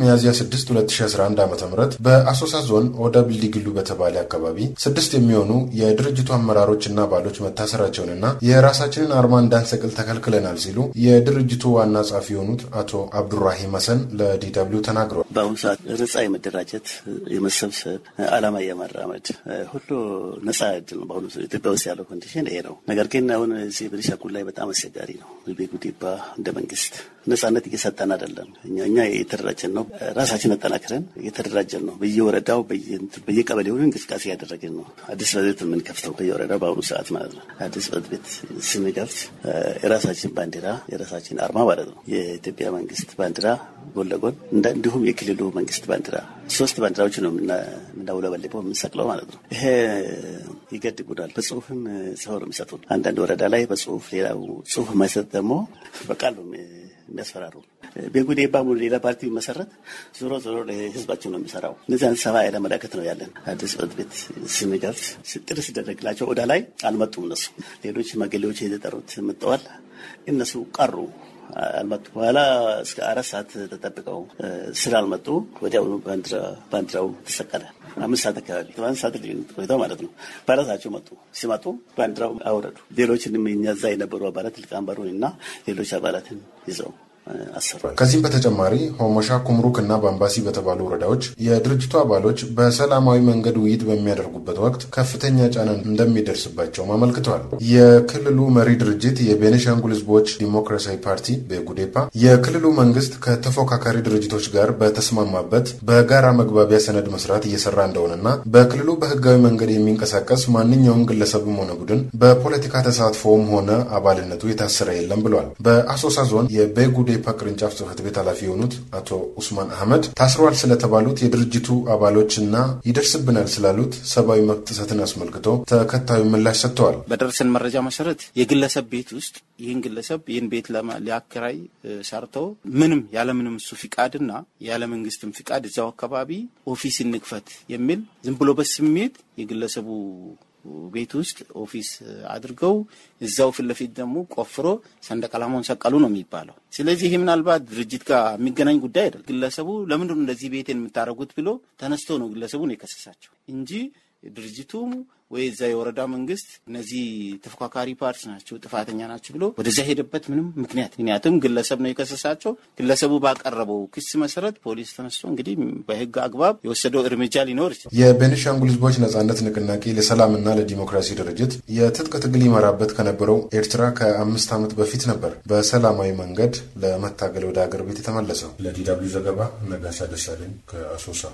ሚያዝያ 6 2011 ዓ ም በአሶሳ ዞን ኦዳ ቢልዲ ግሉ በተባለ አካባቢ ስድስት የሚሆኑ የድርጅቱ አመራሮች እና አባሎች መታሰራቸውንና የራሳችንን አርማ እንዳንሰቅል ተከልክለናል ሲሉ የድርጅቱ ዋና ጸሐፊ የሆኑት አቶ አብዱራሂም ሀሰን ለዲደብሊው ተናግረዋል። በአሁኑ ሰዓት ነጻ የመደራጀት የመሰብሰብ አላማ የማራመድ ሁሉ ነጻ እድል ነው። በአሁኑ ኢትዮጵያ ውስጥ ያለው ኮንዲሽን ይሄ ነው። ነገር ግን አሁን እዚህ ብሪሻ ላይ በጣም አስቸጋሪ ነው። ቤጉዲባ እንደ መንግስት ነጻነት እየሰጠን አይደለም። እኛ የተደራጀን ነው፣ ራሳችን አጠናክረን እየተደራጀን ነው። በየወረዳው በየቀበሌ እንቅስቃሴ ያደረግን ነው። አዲስ በት የምንከፍተው በየወረዳው በአሁኑ ሰዓት ማለት ነው። አዲስ ቤት ስንከፍት የራሳችን ባንዲራ የራሳችን አርማ ማለት ነው የኢትዮጵያ መንግስት ባንዲራ ጎን ለጎን እንዲሁም የክልሉ መንግስት ባንዲራ ሶስት ባንዲራዎች ነው የምናውለበልበው የምንሰቅለው ማለት ነው። ይሄ ይገድጉናል። በጽሁፍም ሰው ነው የሚሰጡን። አንዳንድ ወረዳ ላይ በጽሁፍ ሌላው ጽሁፍ ማይሰጥ ደግሞ በቃሉ የሚያስፈራሩ። ቤጉዴ ባሙ ሌላ ፓርቲ መሰረት ዞሮ ዞሮ ህዝባቸው ነው የሚሰራው። እነዚያን ሰባ ያለመዳከት ነው ያለን። አዲስ ጽሕፈት ቤት ስንደርስ ስጥር ሲደረግላቸው ወደ ላይ አልመጡም። እነሱ ሌሎች መገሌዎች የተጠሩት መጠዋል፣ እነሱ ቀሩ። አልመጡ። በኋላ እስከ አራት ሰዓት ተጠብቀው ስላልመጡ ወዲያውኑ ባንዲራው ተሰቀለ። አምስት ሰዓት አካባቢ አንድ ሰዓት ልዩነት ቆይተው ማለት ነው። በራሳቸው መጡ። ሲመጡ ባንዲራው አውረዱ። ሌሎችንም እኛ እዛ የነበሩ አባላት ሊቀመንበሩን እና ሌሎች አባላትን ይዘው አሰራል። ከዚህም በተጨማሪ ሆሞሻ፣ ኩምሩክ እና ባምባሲ በተባሉ ወረዳዎች የድርጅቱ አባሎች በሰላማዊ መንገድ ውይይት በሚያደርጉበት ወቅት ከፍተኛ ጫና እንደሚደርስባቸውም አመልክተዋል። የክልሉ መሪ ድርጅት የቤኔሻንጉል ህዝቦች ዲሞክራሲያዊ ፓርቲ በጉዴፓ የክልሉ መንግስት ከተፎካካሪ ድርጅቶች ጋር በተስማማበት በጋራ መግባቢያ ሰነድ መስራት እየሰራ እንደሆነና በክልሉ በህጋዊ መንገድ የሚንቀሳቀስ ማንኛውም ግለሰብም ሆነ ቡድን በፖለቲካ ተሳትፎም ሆነ አባልነቱ የታሰረ የለም ብሏል። በአሶሳ ዞን የቤጉዴ የኢዴፓ ቅርንጫፍ ጽህፈት ቤት ኃላፊ የሆኑት አቶ ኡስማን አህመድ ታስረዋል ስለተባሉት የድርጅቱ አባሎችና ይደርስብናል ስላሉት ሰብአዊ መብት ጥሰትን አስመልክቶ ተከታዩ ምላሽ ሰጥተዋል። በደረሰን መረጃ መሰረት የግለሰብ ቤት ውስጥ ይህን ግለሰብ ይህን ቤት ሊያከራይ ሰርቶ ምንም ያለምንም እሱ ፍቃድና ያለ መንግስትም ፍቃድ እዚያው አካባቢ ኦፊስ እንክፈት የሚል ዝም ብሎ በስሜት የግለሰቡ ቤት ውስጥ ኦፊስ አድርገው እዛው ፊት ለፊት ደግሞ ቆፍሮ ሰንደቅ ዓላማውን ሰቀሉ ነው የሚባለው። ስለዚህ ይህ ምናልባት ድርጅት ጋር የሚገናኝ ጉዳይ አይደለም። ግለሰቡ ለምንድን ነው እንደዚህ ቤቴን የምታደርጉት ብሎ ተነስቶ ነው ግለሰቡን የከሰሳቸው እንጂ ድርጅቱ ወይ እዛ የወረዳ መንግስት እነዚህ ተፎካካሪ ፓርቲ ናቸው ጥፋተኛ ናቸው ብሎ ወደዚያ ሄደበት ምንም ምክንያት ምክንያቱም ግለሰብ ነው የከሰሳቸው። ግለሰቡ ባቀረበው ክስ መሰረት ፖሊስ ተነስቶ እንግዲህ በህግ አግባብ የወሰደው እርምጃ ሊኖር ይችላል። የቤኒሻንጉል ህዝቦች ነጻነት ንቅናቄ ለሰላምና ለዲሞክራሲ ድርጅት የትጥቅ ትግል ይመራበት ከነበረው ኤርትራ ከአምስት ዓመት በፊት ነበር በሰላማዊ መንገድ ለመታገል ወደ ሀገር ቤት የተመለሰው። ለዲ ደብልዩ ዘገባ ነጋሳ ደሳለኝ ከአሶሳ